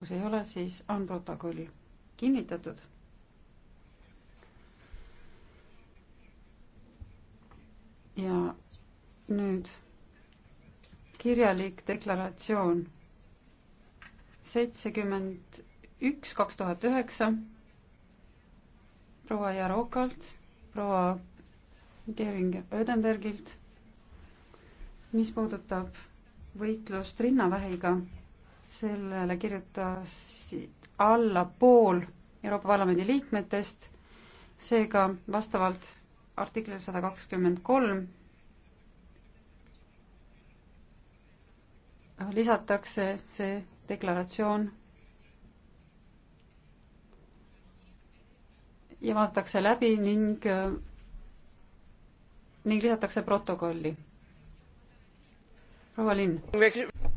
kus ei ole, siis on protokoll kinnitatud. ja nüüd kirjalik deklaratsioon seitsekümmend üks, kaks tuhat üheksa proua Jarokalt, proua Geringer-Ödenbergilt, mis puudutab võitlust rinnavähiga sellele kirjutasid alla pool Euroopa Parlamendi liikmetest, seega vastavalt artiklile sada kakskümmend kolm lisatakse see deklaratsioon ja vaadatakse läbi ning, ning lisatakse protokolli. proua Linn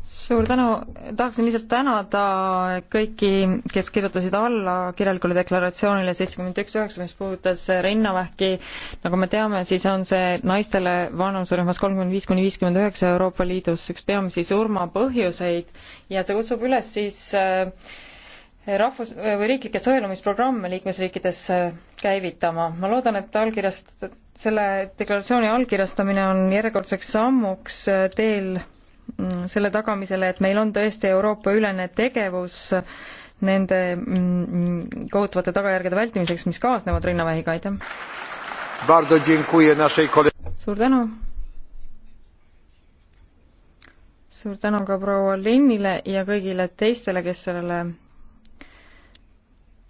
suur tänu, tahaksin lihtsalt tänada kõiki, kes kirjutasid alla kirjalikule deklaratsioonile seitsekümmend üks üheksa, mis puudutas rinnavähki. nagu me teame, siis on see naistele vanuserühmas kolmkümmend viis kuni viiskümmend üheksa Euroopa Liidus üks peamisi surmapõhjuseid ja see kutsub üles siis äh, rahvus- või riiklikke sõelumisprogramme liikmesriikides äh, käivitama. ma loodan, et allkirjast, selle deklaratsiooni allkirjastamine on järjekordseks sammuks äh, teel Mm, selle tagamisele, et meil on tõesti Euroopa-ülene tegevus nende mm, kohutavate tagajärgede vältimiseks, mis kaasnevad rinnavähiga, aitäh! suur tänu! suur tänu ka proua Linnile ja kõigile teistele, kes sellele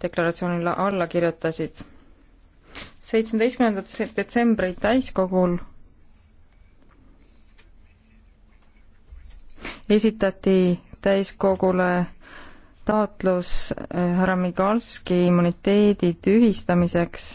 deklaratsioonile alla kirjutasid. seitsmeteistkümnendat detsembri täiskogul esitati täiskogule taotlus eh, härra Migalski immuniteedi tühistamiseks